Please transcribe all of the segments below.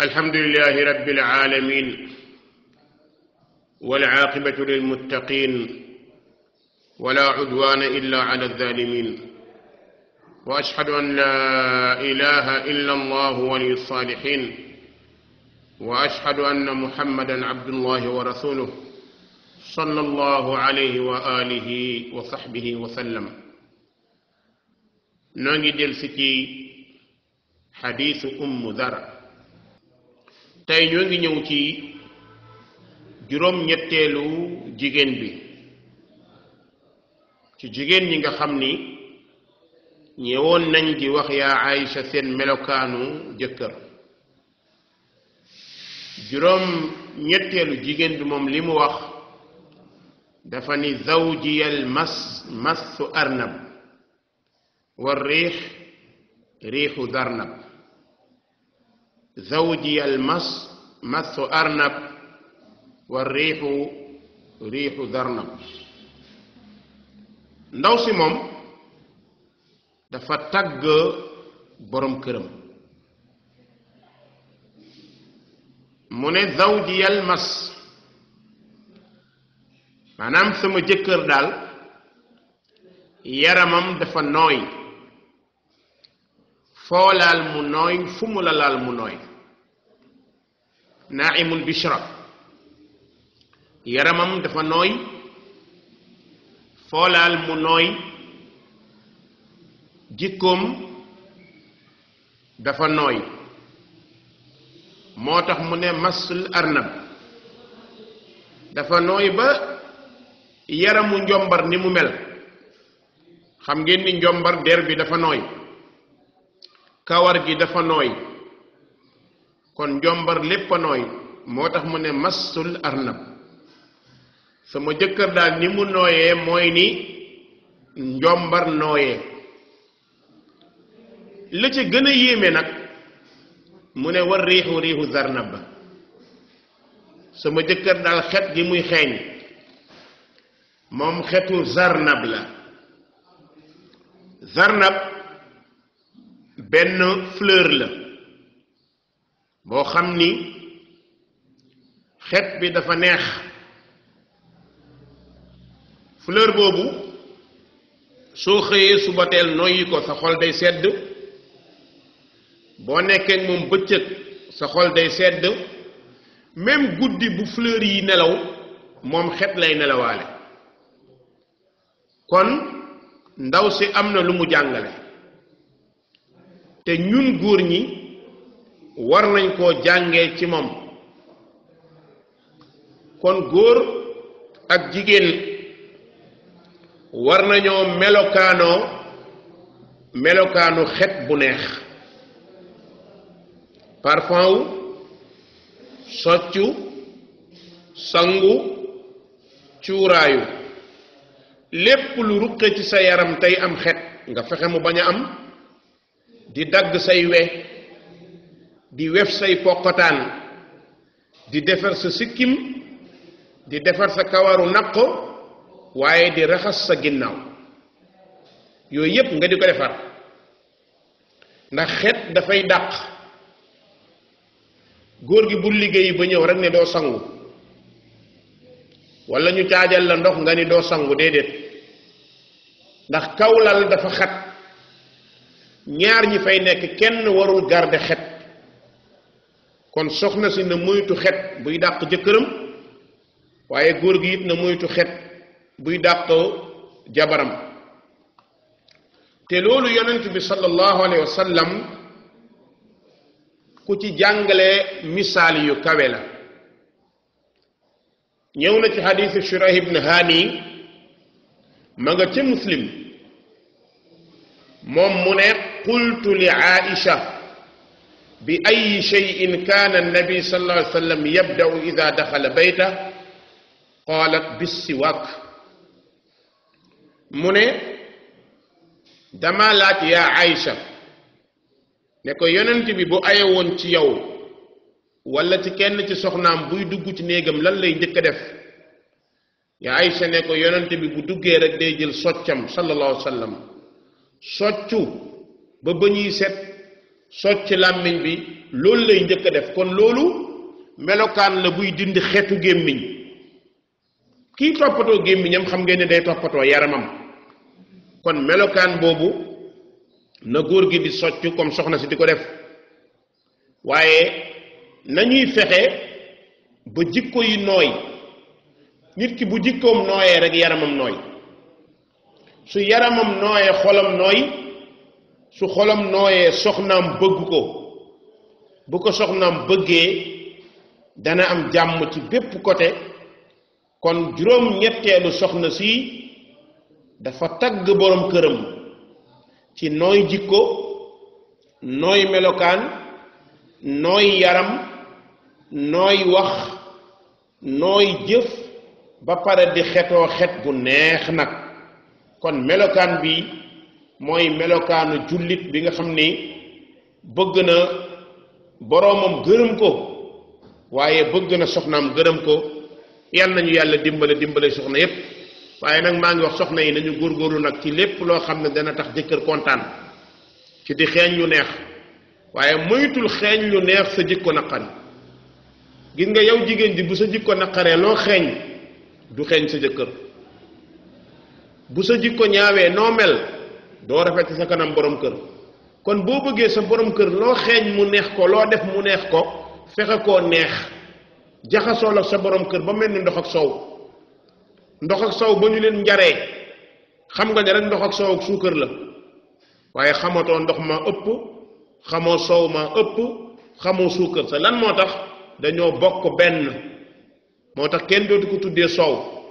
الحمد لله رب العالمين والعاقبة للمتقين ولا عدوان إلا على الظالمين وأشهد أن لا إله إلا الله ولي الصالحين وأشهد أن محمدا عبد الله ورسوله صلى الله عليه وآله وصحبه وسلم نجد السكي حديث أم ذرأ tey ñoo ngi ñëw ci juróom ñetteelu jigéen bi ci jigéen ñi nga xam ni ñëwoon nañ di wax yaa Aïcha seen melokaanu jëkkër juróom ñetteelu jigéen bi moom li mu wax dafa ni zawjiyal mas massu arnab war riix riixu darnab زوجي المص مص أرنب والريح ريح ذرنب ndaw si moom dafa tagg borom këram mu ne zawji yal mas maanaam sama jëkkër daal yaramam dafa nooy foo laal mu nooy fu mu la laal mu nooy naimul bishra yaramam dafa nooy foo mu nooy jikkoom dafa nooy moo tax mu ne masul arnab dafa nooy ba yaramu njombar ni mu mel xam ngeen ni njombar der bi dafa nooy kawar gi dafa nooy kon njombar lépp a nooy moo tax mu ne massul arnab sama jëkkër daal ni mu nooyee mooy ni njombar nooyee la ca gën a yéeme nag mu ne war riixu riixu zarnab ba sama jëkkër daal xet gi muy xeeñ moom xetu sarnab la zarnab benn fleur la boo xam ni xet bi dafa neex fleur boobu soo xëyee suba teel noyyi ko sa xol day sedd boo nekkee moom bëccëg sa xol day sedd même guddi bu fleur yi nelaw moom xet lay nelawaale kon ndaw si am na lu mu jàngale te ñun góor ñi war nañ koo jàngee ci moom kon góor ak jigéen war nañoo melokaanoo melokaanu xet bu neex parfum wu soccu sangu cuuraayu lépp lu ruqe ci sa yaram tey am xet nga fexe mu bañ a am di dagg say we di wef say di defar sa sikkim di defar sa kawaru nakko waaye di raxas sa ginnaw yoy yep nga di ko defar ndax xet fay dàq góor gi bu liggéey ba ñew rek ne do sangu wala ñu tiajal la ndox nga ni do sangu dedet ndax kawlal dafa xat ñaar ñi fay nekk kenn warul garde xet kon soxna si na moytu xet buy dàq jëkkëram waaye góor gi it na moytu xet buy dàq jabaram te loolu yonent bi sallallahu alayhi wa sallam ku ci jàngale misaal yu kawe la ñëw na ci xadiisu Shurayh ibn Hani ma nga ca muslim moom mu ne قلت لعائشة بأي شيء كان النبي صلى الله عليه وسلم يبدأ إذا دخل بيته قالت بالسواك من دمالات يا عائشة نكو يننت ببو أيوان تيو ولا تكن تسخنام بوي دوغو تنيغم للي ديك يا عائشة نكو يننت ببو دوغي رك ديجل صلى الله عليه وسلم سوتشو ba bëñuy set socc làmmiñ bi loolu lay njëkk a def kon loolu melokaan la buy dindi xeetu gémmiñ kii toppatoo gémmiñam xam ngeen ne day toppatoo yaramam kon melokaan boobu na góor gi di socc comme soxna si di ko def waaye nañuy fexe ba jikko yi nooy nit ki bu jikkoom nooyee rek yaramam nooy su yaramam nooyee xolam nooy su xolam nooyee soxnaam bëgg ko bu ko soxnaam bëggee dana am jàmm ci bépp côté kon juróom ñetteelu soxna si dafa tagg boroom këram ci nooy jikko nooy melokaan nooy yaram nooy wax nooy jëf ba pare di xetoo xet bu neex nag kon melokaan bi moy melokanu julit bi nga xamni bëgg na boromam gëreem ko waaye bëgg na soxnam gëreem ko yalla ñu yalla dimbale dimbale soxna yépp waaye nak ma ngi wax soxna yi nañu goru nak ci lepp lo xam dana tax jëkkër kontan ci di xéñ ñu neex waaye moytul xéñ ñu neex sa jikko naqari gis nga yow jigen di bu sa jikko naqare lo xéñ du xéñ sa jëkkër bu sa jikko ñaawé no mel do rafet sa kanam borom kër kon bo bëggee sa borom kër loo xeeñ mu neex ko loo def mu neex ko fexe koo neex jaxasoo la sa borom kër ba mel ni ndox ak sow ndox ak sow ba ñu leen njaree xam nga ne rek ndox ak sow ak suukar la waaye xamatoo ndox ma ëpp xamoo sow ma ëpp xamoo suukar sa lan moo tax dañoo bokk benn moo tax kenn dootu ko tuddee sow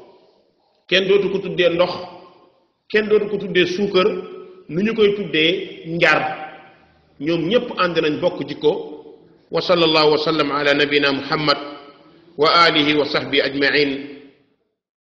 kenn dootu ko tuddee ndox kenn dootu ko tuddee suukar nu ñu koy tuddee njar ñoom ñëpp ànd nañ bokk jikko wa sallallahu wa sallam ala nabina muhammad wa alihi wa sahbi ajmain